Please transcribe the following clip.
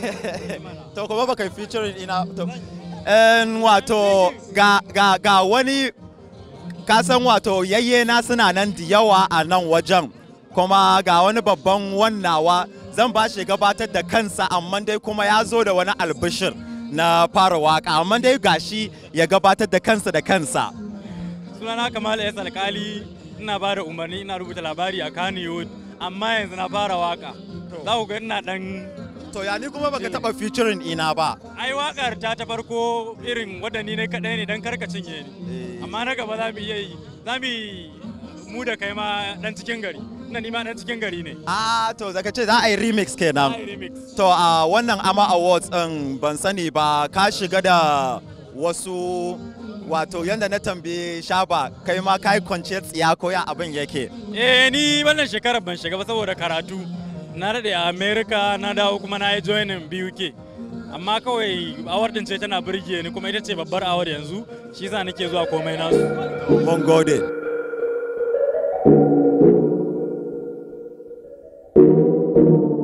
to kuma baka featuring ina to en wato ga ga ga wani san wato yayye na suna nan da yawa a nan wajen kuma ga wani babban wannawa zan ba shi gabatar da kansa amma dai kuma ya zo da wani albishir na fara waka amma dai gashi ya gabatar da kansa da kansa sunana kamal ya alkali ina ba da umarni ina rubuta labari a kano amma yanzu na fara waka za ku ga ina dan To ya ni kuma baka taba featuring ina ba. Ai wakar ta ta farko irin wadda ni ne kadai ne dan karka cinye ni. Eh. Amma na gaba za mu iya yi. Za mu mu da kai ma dan cikin gari. Ina ni ma dan cikin gari ne. Ah to zaka ce za a yi remix kenan. To a ah, wannan Ama Awards din ban sani ba ka shiga da wasu wato yadda na tambaye shaba kai ma kai kwanciyar tsiya ko ya abin yake eh ni wannan shekarar ban shiga ba saboda karatu na daɗe a Amerika na dawo kuma na yi joinin buk amma kawai awar din ce tana birge ni kuma ita ce babbar awar yanzu shi za nake zuwa komai nasu mun